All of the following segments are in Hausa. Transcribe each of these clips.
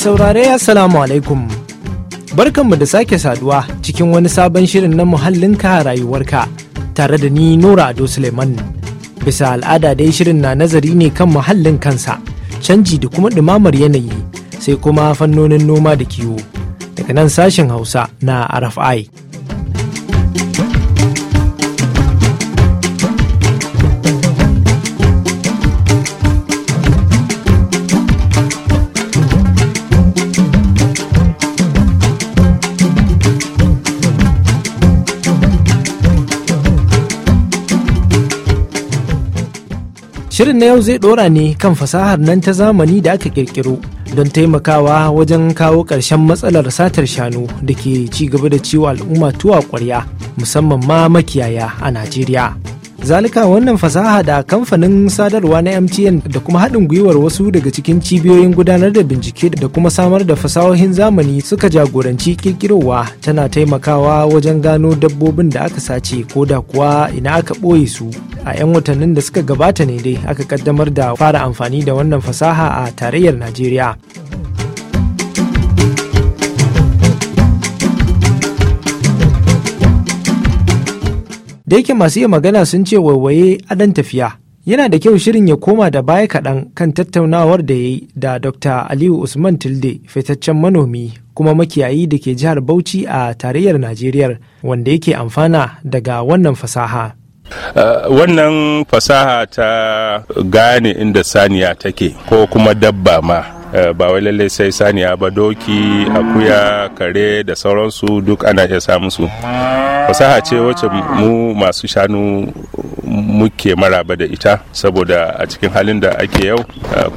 saurare Assalamu alaikum. Barkanmu da sake saduwa cikin wani sabon shirin na muhallin ka rayuwarka tare da ni Nura Ado Suleiman. Bisa al'ada dai shirin na nazari ne kan muhallin kansa, canji da kuma ɗumamar yanayi sai kuma fannonin noma da kiwo. Daga nan sashen Hausa na RFI. Shirin na yau zai dora ne kan fasahar nan ta zamani da aka kirkiro don taimakawa wajen kawo ƙarshen matsalar satar shanu da ke ci gaba da ciwo al'umma tuwa ƙwarya musamman ma makiyaya a Najeriya. zalika wannan fasaha da kamfanin sadarwa na mtn da kuma haɗin gwiwar wasu daga cikin cibiyoyin gudanar da bincike da kuma samar da fasahohin zamani suka jagoranci kirkirowa tana taimakawa wajen gano dabbobin da aka sace ko da kuwa ina aka ɓoye su a 'yan watannin da suka gabata ne dai aka kaddamar da fara amfani da wannan fasaha a tarayyar najeriya da yake masu iya magana sun ce waiwaye adan tafiya yana da kyau shirin ya koma da baya kaɗan kan tattaunawar da ya yi da dr aliyu usman tilde fitaccen manomi kuma makiyayi da ke jihar bauchi a tarayyar najeriya wanda yake amfana daga wannan fasaha Uh, wannan fasaha ta gane inda saniya take ko kuma dabba ma Uh, ba wai lallai sai saniya ba doki akuya kare da sauransu duk ana iya samu su fasaha ce wacce mu masu shanu muke maraba da ita saboda a cikin halin da ake yau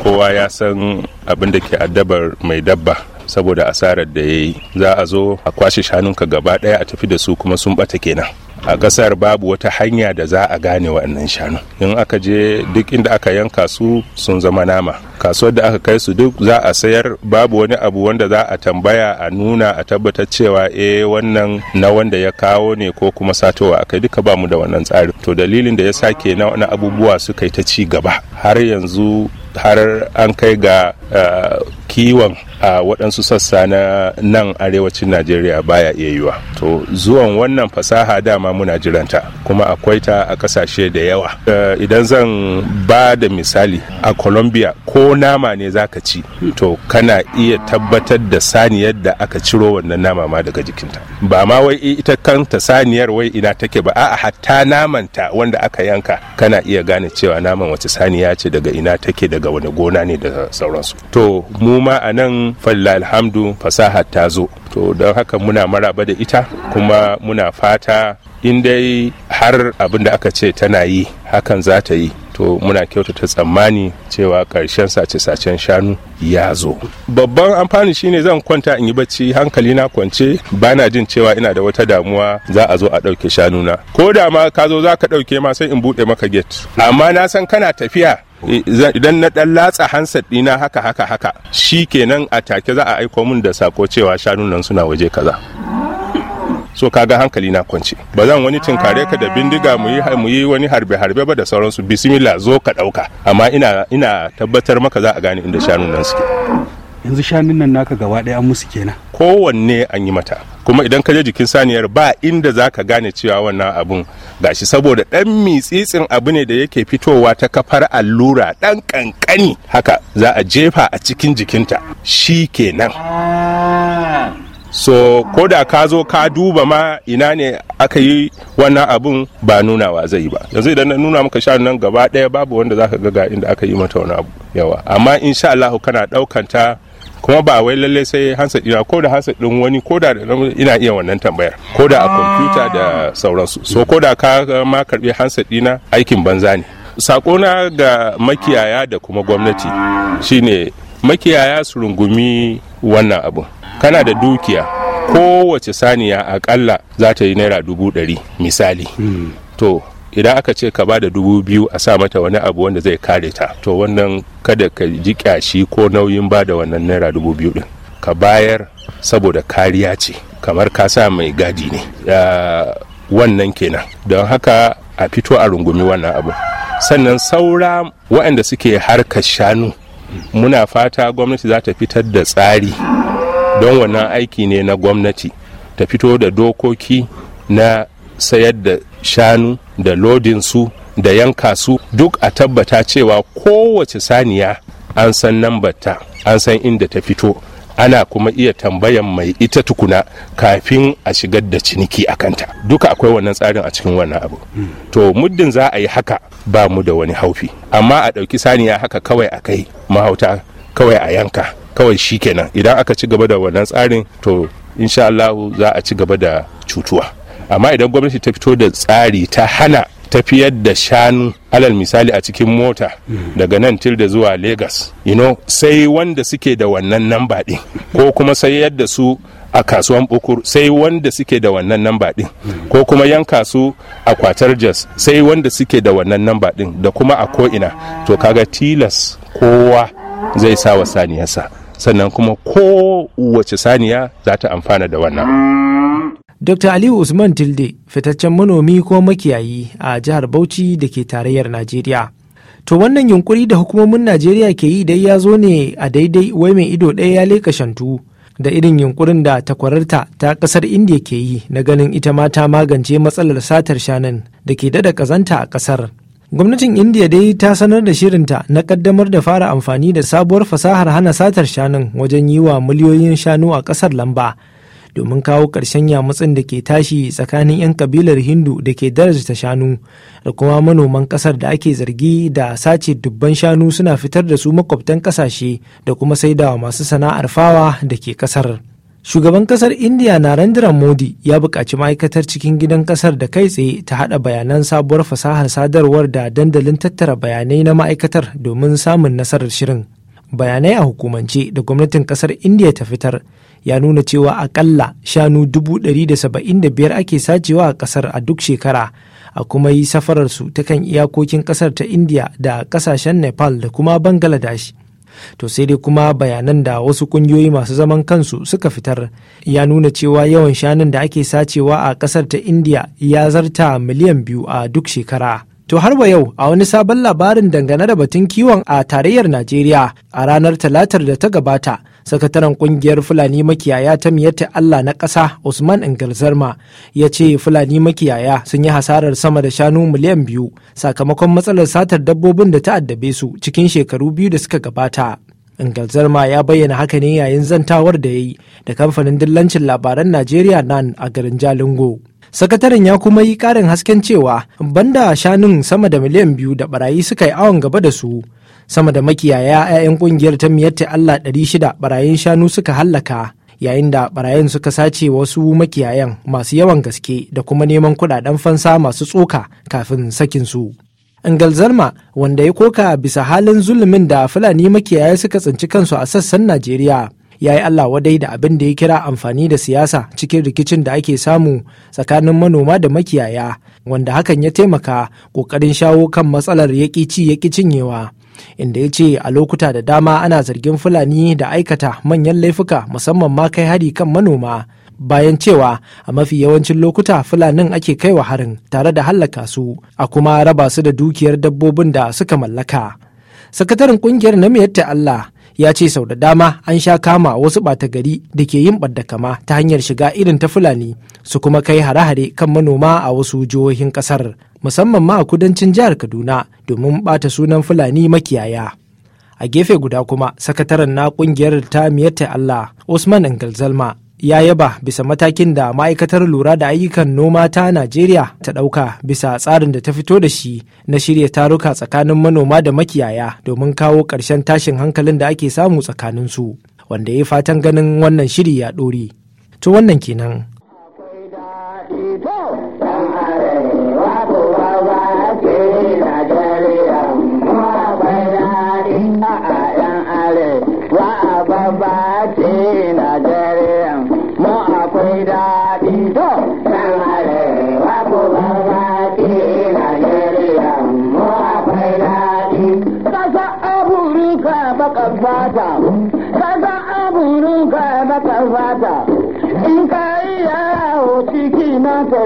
kowa ya san abin da ke addabar mai dabba saboda asarar da ya yi za a zo a kwashe shanunka gaba daya a tafi da su kuma sun bata kenan a ƙasar babu wata hanya da za a gane waɗannan shanu in aka je duk inda aka yanka su sun zama nama kasuwar da aka kai su duk za a sayar babu wani abu wanda za a tambaya a nuna a tabbatar cewa e wannan na wanda ya kawo ne ko kuma satowa akai duka ba mu da wannan tsari to dalilin da ya sake na wani abubuwa suka yi ta ci gaba har yanzu har an kai ga eh, kiwon a waɗansu sassa na nan arewacin najeriya baya iya yiwa to zuwan wannan fasaha dama muna jiranta kuma akwai ta a kasashe da yawa e, idan zan ba da misali a colombia ko nama ne zaka ci to kana iya tabbatar da saniyar da aka ciro wannan nama ma daga jikinta ba ma wai ita kanta saniyar wai ina take ba a'a hatta namanta wanda aka yanka kana iya gane cewa naman wace saniya ce daga ina take daga wani gona ne da sauransu to mu Kuma a nan alhamdu fasaha ta zo to don haka muna maraba da ita kuma muna fata in dai har abin da aka ce tana yi hakan za ta yi to muna kyautata tsammani cewa ƙarshen sace-sacen shanu ya zo babban amfani shine zan kwanta in yi bacci hankali na kwance bana jin cewa ina da wata damuwa za a zo a ɗauke shanuna ko da ma ka zo za ka ɗauke ma sai in buɗe maka gate amma na san kana tafiya idan na dan latsa hansar dina haka haka haka shi kenan a take za a aiko mun da sako cewa shanun nan suna waje kaza so kaga hankali na kwance ba zan wani tinkare ka da bindiga mu yi wani harbe harbe ba da sauransu bismillah zo ka dauka amma ina ina tabbatar maka za a gane inda shanun nan suke yanzu shanun nan naka gaba ɗaya an musu kenan kowanne an yi mata kuma idan ka je jikin saniyar ba inda za ka gane cewa wannan abun ga shi saboda ɗan mitsitsin abu ne da yake fitowa ta kafar allura ɗan ƙanƙani haka za a jefa a cikin jikinta shi kenan so ko da ka zo ka duba ma ina ne aka yi wannan abun ba nunawa zai ba yanzu idan na nuna maka shanu nan gaba ɗaya babu wanda za ka ga inda aka yi mata wani abu yawa amma insha Allah kana ɗaukanta kuma ba wai lalle sai hansa ɗina ko da hansa ɗin wani ko da ina iya wannan tambayar ko da a ah. kwamfuta da sauransu so ko da ka ma karbi hansa dina aikin banza ne sakona ga makiyaya da kuma gwamnati shine makiyaya su rungumi wannan abu kana da dukiya kowace saniya akalla za ta yi naira dubu ɗari misali hmm. to idan aka ce ka bada da dubu biyu a sa mata wani abu wanda zai kare ta to wannan kada ka ji kyashi ko nauyin bada wannan naira dubu biyu din ka bayar saboda kariya ce kamar ka sa mai gadi ne wannan kenan don haka a fito a rungumi wannan abu sannan saura waɗanda suke harka shanu muna fata gwamnati za ta fitar da tsari don wannan aiki ne na gwamnati ta fito da dokoki na sayar da shanu da lodinsu su da yanka su duk a tabbata cewa kowace saniya an san nambarta an san inda ta fito ana kuma iya tambayan mai ita tukuna kafin a shigar da ciniki a kanta duka akwai wannan tsarin a cikin wannan abu to muddin za a yi haka ba mu da wani haufi amma a ɗauki saniya haka kawai a kai mahauta kawai a yanka kawai shi kenan idan aka ci gaba da wannan tsarin to insha Allah za a ci gaba da cutuwa amma idan gwamnati ta fito da tsari ta hana tafiyar da shanu alal misali a cikin mota daga nan tilda zuwa lagos you sai wanda suke da wannan namba ɗin ko kuma sayar da su a kasuwan bukur sai wanda suke da wannan namba din ko kuma yanka su a kwatar jas sai wanda suke da wannan namba din da kuma a ko'ina to kaga tilas kowa zai sa wa saniyarsa sannan kuma kowace saniya za ta amfana da wannan. Dr. Aliyu Usman Tilde fitaccen manomi ko makiyayi a jihar Bauchi da ke tarayyar Najeriya. To wannan yunkuri da hukumomin Najeriya ke yi dai ya zo ne a daidai wai mai ido ɗaya ya leka shantu da irin yunkurin da takwararta ta ƙasar Indiya ke yi na ganin ita ma ta magance matsalar satar shanun da ke dada ƙazanta a ƙasar. Gwamnatin Indiya dai ta sanar da shirinta na ƙaddamar da fara amfani da sabuwar fasahar hana satar shanun wajen yi wa miliyoyin shanu a ƙasar lamba. domin kawo ƙarshen yamutsin da ke tashi tsakanin 'yan kabilar hindu da ke darajta shanu da kuma manoman ƙasar da ake zargi da sace dubban shanu suna fitar da su makwabtan ƙasashe da kuma saidawa masu sana'ar fawa da ke ƙasar. Shugaban kasar India Narendra Modi ya buƙaci ma'aikatar cikin gidan kasar da kai tsaye ta haɗa bayanan sabuwar fasahar sadarwar da dandalin tattara bayanai na ma'aikatar domin samun nasarar shirin. Bayanai a hukumance da gwamnatin kasar India ta fitar ya nuna cewa akalla shanu dubu 175 ake sacewa a ƙasar a duk shekara a kuma yi safararsu ta kan iyakokin ƙasar ta indiya da ƙasashen nepal da kuma bangladesh to sai dai kuma bayanan da wasu ƙungiyoyi masu zaman kansu suka fitar ya nuna cewa yawan shanun da ake sacewa a ƙasar ta indiya ya zarta miliyan biyu a duk shekara To har wa yau a wani sabon labarin dangane da batun kiwon a tarayyar Najeriya a ranar talatar da ta gabata, sakataren kungiyar Fulani makiyaya ta miyatta Allah na ƙasa Usman Ingalzarma ya ce Fulani makiyaya sun yi hasarar sama da shanu miliyan biyu sakamakon matsalar satar dabbobin da ta addabe su cikin shekaru biyu da suka gabata. Ingalzarma ya bayyana haka ne yayin zantawar da ya yi da kamfanin dillancin labaran Najeriya nan a garin Jalingo. sakataren ya kuma yi karin hasken cewa banda shanun sama da miliyan biyu da barayi suka yi awon gaba da su sama da makiyaya 'ya'yan kungiyar ta miyatta allah ɗari shida barayin shanu suka hallaka yayin da barayin suka sace wasu makiyayan masu yawan gaske da kuma neman kuɗaɗen fansa masu tsoka kafin sakin su Ngalzarma wanda ya koka bisa halin zulumin da Fulani makiyaya suka tsinci kansu a sassan Najeriya ya yi Allah wadai da abin da ya kira amfani da siyasa cikin rikicin da ake samu tsakanin manoma da makiyaya wanda hakan ya taimaka ƙoƙarin shawo kan matsalar yaƙi ci yaƙi cinyewa. inda ya ce a lokuta da dama ana zargin fulani da aikata manyan laifuka musamman ma kai hari kan manoma bayan cewa a mafi yawancin lokuta fulanin ake kai wa harin tare da hallaka su a kuma raba su da dukiyar dabbobin da suka mallaka sakataren kungiyar na miyatta Allah ya ce sau da dama an sha kama wasu ɓata gari da ke yin ɓadda kama ta hanyar shiga irin ta fulani su kuma kai hare-hare kan manoma a wasu jihohin ƙasar musamman ma a kudancin jihar kaduna domin ɓata sunan fulani makiyaya a gefe guda kuma sakataren na ƙungiyar ta miyatta allah usman ingalzalma ya yaba bisa matakin da ma'aikatar lura da ayyukan noma ta Najeriya ta ɗauka bisa tsarin da ta fito da shi na shirya taruka tsakanin manoma da makiyaya domin kawo ƙarshen tashin hankalin da ake samu tsakanin su, wanda ya fatan ganin wannan shiri ya ɗore. To wannan kenan.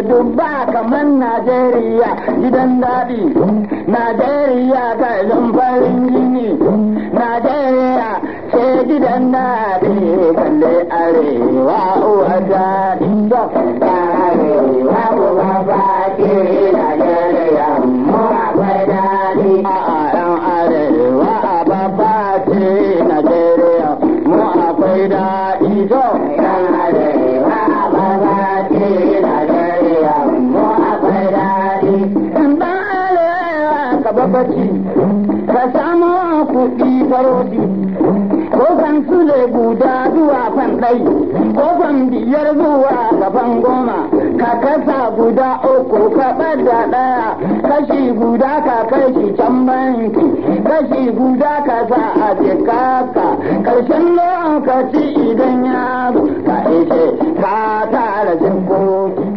ce kamar Najeriya gidan daɗi. Najeriya ta farin gini. Najeriya ce gidan daɗi kalle arewa uwa daɗi. Arewa uwa baki Najeriya mu akwai ɗai kofan biyar zuwa gaban goma ka kasa guda uku ka ɓada ɗaya kashi guda ka kashi can banki kashi guda ka sa a jikaka ƙarshen lokaci idan ya zo ka ishe ka tara jinkoki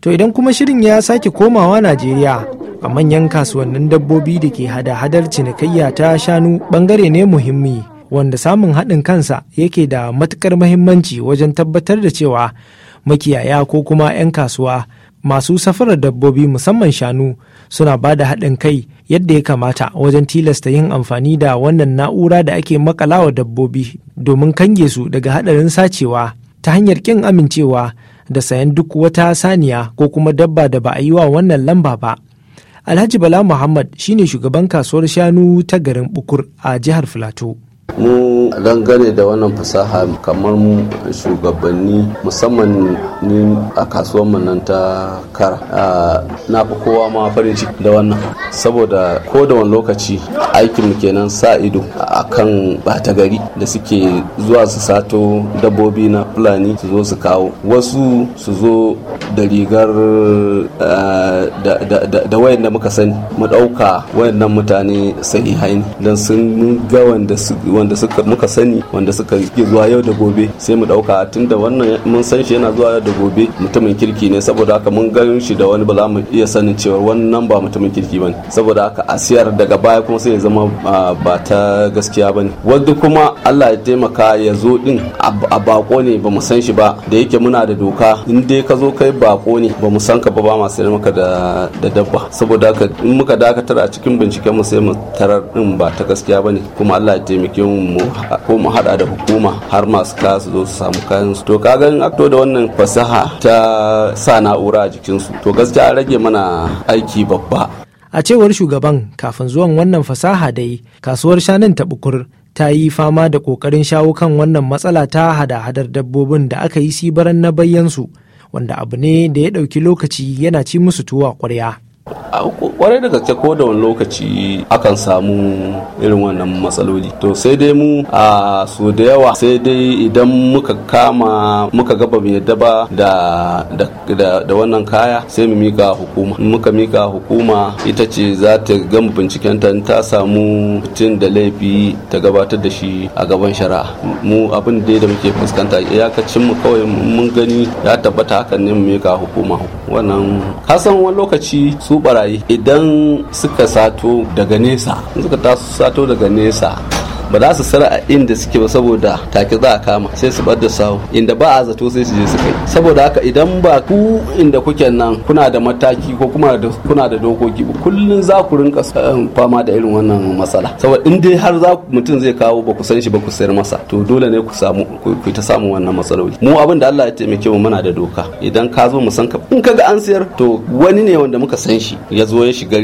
To idan kuma shirin ya sake komawa Najeriya a manyan kasuwannin dabbobi da ke hada-hadar cinikayya ta shanu bangare ne muhimmi wanda samun haɗin kansa yake da matuƙar mahimmanci wajen tabbatar da cewa makiyaya ko kuma 'yan kasuwa masu safarar dabbobi musamman shanu suna ba da haɗin kai yadda ya kamata wajen tilasta yin amfani da wannan na'ura da ake makalawa dabbobi domin kange su daga haɗarin sacewa ta hanyar ƙin amincewa da sayan duk wata saniya ko kuma dabba da ba a yi wa wannan lamba ba alhaji bala muhammad shine shugaban kasuwar shanu ta garin bukur a jihar filato mu dangane da wannan fasaha kamar shugabanni musamman ni a kasuwar mu nan ta kara na fi kowa ma farin ciki da wannan saboda ko da wani lokaci aikin mu kenan sa ido akan bata gari da suke zuwa su sato dabbobi na fulani su zo su kawo wasu su zo da rigar da wayan da muka sani mu ɗauka wayan mutane sahihai don sun ga wanda wanda suka muka sani wanda suka ke zuwa yau da gobe sai mu dauka tunda wannan mun san shi yana zuwa yau da gobe mutumin kirki ne saboda haka mun ganin shi da wani ba za mu iya sanin cewa wannan ba mutumin kirki bane saboda haka asiyar daga baya kuma sai ya zama ba ta gaskiya bane wanda kuma Allah ya taimaka ya zo din a bako ne ba mu san shi ba da yake muna da doka in dai ka zo kai bako ne ba mu san ka ba ba ma sai maka da dabba saboda haka in muka dakatar a cikin binciken mu sai mu tarar din ba ta gaskiya bane kuma Allah ya taimake mu mu ko mu hada da hukuma har masu kasu zo su samu kayan su to ka ga akto da wannan fasaha ta sa na'ura a jikin su to gaskiya rage mana aiki babba a cewar shugaban kafin zuwan wannan fasaha dai kasuwar shanun ta bukur ta yi fama da kokarin shawo kan wannan matsala ta hada-hadar dabbobin da aka yi sibaran na bayyansu wanda abu ne da ya ɗauki lokaci yana ci musu tuwa ƙwarya. kwarai da gaske ko da wani lokaci akan samu irin wannan matsaloli to sai dai mu a su da yawa sai dai idan muka kama muka gaba mai yadda ba da wannan kaya sai mu mika hukuma muka mika hukuma ita ce za ta gama binciken ta ta samu tun da laifi ta gabatar da shi a gaban shari'a mu abin da muke fuskanta iyakacin mu kawai mun gani ya tabbata hakan ne mu mika hukuma wannan kasan wani lokaci su barayi idan suka sato daga nesa suka taso sato daga nesa ba za su sara a inda suke ba saboda take za a kama sai su bar da sahu inda ba a zato sai su je su kai saboda haka idan ba ku inda kuke nan kuna da mataki ko kuma kuna da dokoki kullun za ku rinka um, fama da irin wannan matsala saboda in dai har za mutum zai kawo ba ku san shi ba ku sayar masa to dole ne ku samu ku ta samu wannan matsaloli mu abin da Allah ya taimake mu muna da doka idan ka zo mu san ka in kaga an sayar to wani ne wanda muka san shi ya zo ya shiga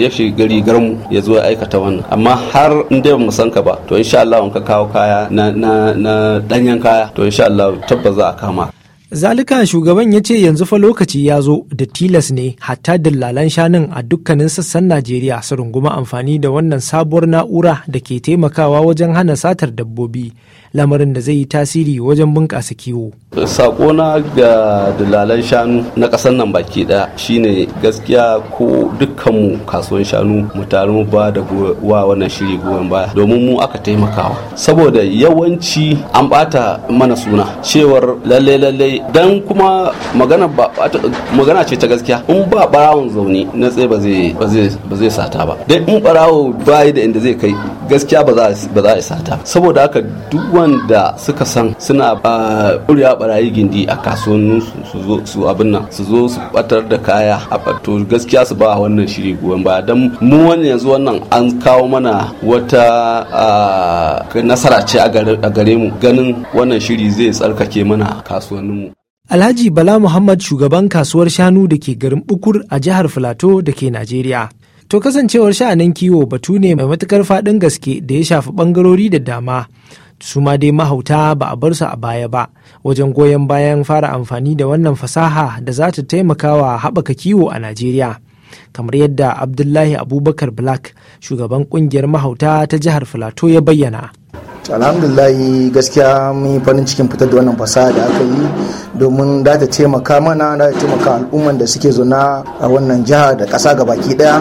ya shiga rigar mu ya zo ya aikata wannan amma har in dai mu san ka ba to insha Allah ka kawo kaya na na na danyen kaya to insha Allah tabbas za a kama Zalika shugaban ya ce yanzu fa lokaci ya zo da tilas ne hatta dillalan shanun a dukkanin sassan Najeriya su runguma amfani da wannan sabuwar na'ura da ke taimakawa wajen hana satar dabbobi lamarin da zai yi tasiri wajen bunƙasa kiwo. Sakona ga dalalan shanu na ƙasar nan baki ɗaya shine gaskiya ko dukkanmu kasuwan shanu mu taru mu ba da wa wannan shiri goyon baya domin mu aka taimakawa saboda yawanci an ɓata mana suna cewar lalle lalle dan kuma magana ba magana ce ta gaskiya in ba barawon zaune na tsaye ba zai ba zai sata ba dai in barawo bai da inda zai kai gaskiya ba za a sata saboda haka duk musamman da suka san suna ɓurya barayi gindi a kasuwannin su zo su abin nan su zo su batar da kaya a to gaskiya su ba wannan shiri goyon ba dan mu wani yanzu wannan an kawo mana wata nasara ce a gare mu ganin wannan shiri zai tsarkake mana kasuwannin mu Alhaji Bala Muhammad shugaban kasuwar shanu da ke garin Bukur a jihar Filato da ke Najeriya. To kasancewar sha'anin kiwo batu ne mai matukar faɗin gaske da ya shafi bangarori da dama su ma dai mahauta ba a bar su a baya ba wajen goyon bayan fara amfani da wannan fasaha da za ta wa haɓaka kiwo a najeriya kamar yadda abdullahi abubakar black shugaban kungiyar mahauta ta jihar filato ya bayyana alhamdulillahi gaskiya mun yi farin cikin fitar da wannan fasaha da aka yi domin da ta taimaka mana da ta taimaka al'umman da suke zuna a wannan jiha da kasa ga baki daya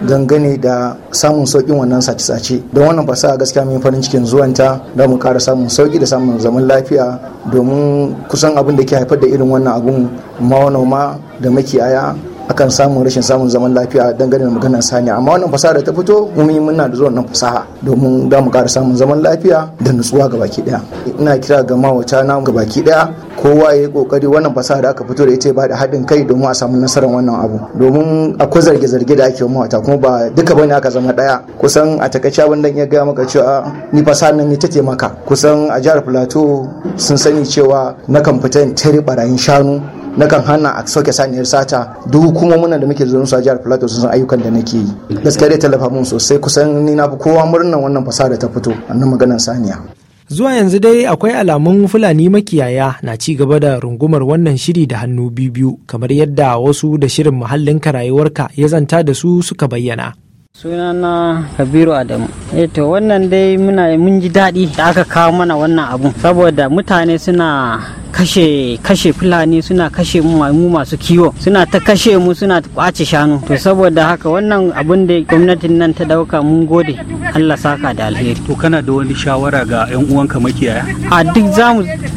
dangane da samun sauƙin wannan sace-sace don wannan fasaha gaskiya mai farin cikin zuwanta da mu ƙara samun sauki da samun zaman lafiya domin kusan abin da ke haifar da irin wannan abun manoma da makiyaya akan samun rashin samun zaman lafiya dangane da maganar saniya amma wannan fasaha da ta fito mun yi muna da zuwan nan fasaha domin da mu ƙara samun zaman lafiya da nutsuwa ga baki daya ina kira ga mawata na ga baki daya kowa ya yi kokari wannan fasaha da aka fito da ita ba da haɗin kai domin a samu nasarar wannan abu domin akwai zarge-zarge da ake mawata kuma ba duka bane aka zama ɗaya kusan a takaice abin dan ya gaya maka cewa ah, ni fasahar nan ita ce maka kusan a jihar plateau sun sani cewa nakan fita in tare barayin shanu nakan hana a sauke saniyar sata duk hukumomin da muke zuwa su a jihar plateau sun san ayyukan da nake yi gaskiya dai tallafa mun sosai kusan ni na fi kowa murnan wannan fasaha da ta fito annan maganar saniya Zuwa yanzu dai akwai alamun Fulani makiyaya na ci gaba da rungumar wannan shiri da hannu biyu kamar yadda wasu da shirin muhallin rayuwarka ya zanta da su suka bayyana. sunana kabiru adamu eh, to wannan dai muna mun ji daɗi da aka kawo mana wannan abun saboda mutane suna kashe kashe fulani suna kashe mu masu kiwo suna ta kashe mu suna kwace shanu to saboda haka wannan abin da gwamnatin nan ta dauka mun gode Allah saka da alheri to kana da wani shawara ga yan uwanka makiyaya a duk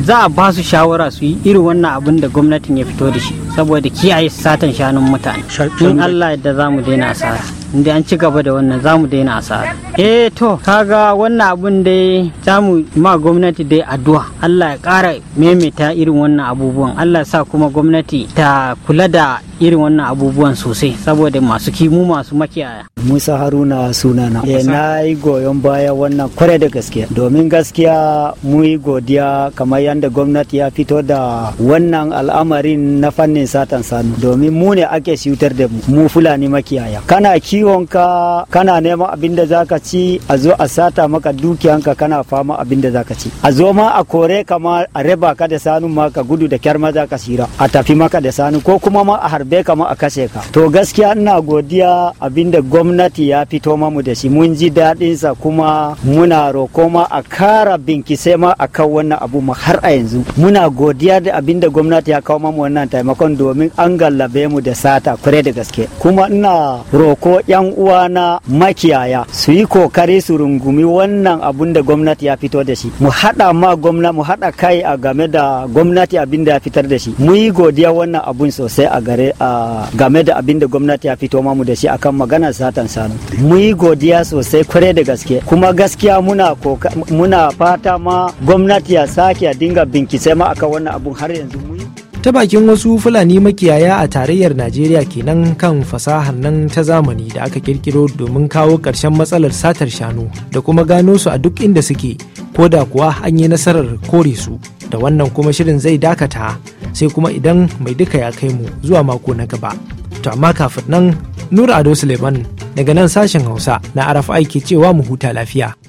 za a ba su shawara su yi irin wannan abin da gwamnatin ya fito da shi saboda kiyaye satan shanun mutane in Allah yadda za mu daina asara inda an ci gaba da wannan za mu daina asara eh to kaga wannan abun da za mu ma gwamnati dai addu'a Allah ya kara maimaita irin wannan abubuwan allah sa kuma gwamnati ta kula da irin wannan abubuwan sosai saboda masu kimu masu makiyaya musa haruna sunana e, eh, na yi goyon baya wannan kware da gaskiya domin gaskiya mu yi godiya kamar yadda gwamnati ya fito da wannan al'amarin na fannin satan sanu domin mu ne ake shutar da mu mu fulani makiyaya kana kiwonka kana neman abin da zaka ci a zo a sata maka dukiyanka kana fama abin da zaka ci a zo ma a kore kamar a raba ka da sanu ma ka gudu da kyar maza ka sira a tafi maka da sanu ko kuma ma a harbe ka ma a kashe ka to gaskiya ina godiya abinda gwamnati ya fito mamu da shi mun ji daɗin sa kuma muna roko ma a kara binkise ma a kan wannan abu ma har a yanzu muna godiya da abinda gwamnati ya kawo mamu wannan taimakon domin an gallabe mu da sata kure da gaske kuma ina roko yan uwana makiyaya su yi kokari su rungumi wannan abun da gwamnati ya fito da shi mu haɗa ma gwamna mu haɗa kai a game da gwamnati abin da ya fitar da shi mu yi godiya wannan abun sosai a gare a game da abin da gwamnati ya fito mamu da shi akan magana satan sanu mu yi godiya sosai kware da gaske kuma gaskiya muna muna fata ma gwamnati ya sake ya dinga binkise ma akan wannan abun har yanzu mu ta bakin wasu fulani makiyaya a tarayyar najeriya kenan kan fasahar nan ta zamani da aka kirkiro domin kawo karshen matsalar satar shanu da kuma gano su a duk inda suke ko da kuwa an yi nasarar kore su da wannan kuma shirin zai dakata sai kuma idan mai duka ya kai mu zuwa mako na gaba to amma kafin nan nura ado suleiman daga nan sashen hausa na rfi ke cewa mu huta lafiya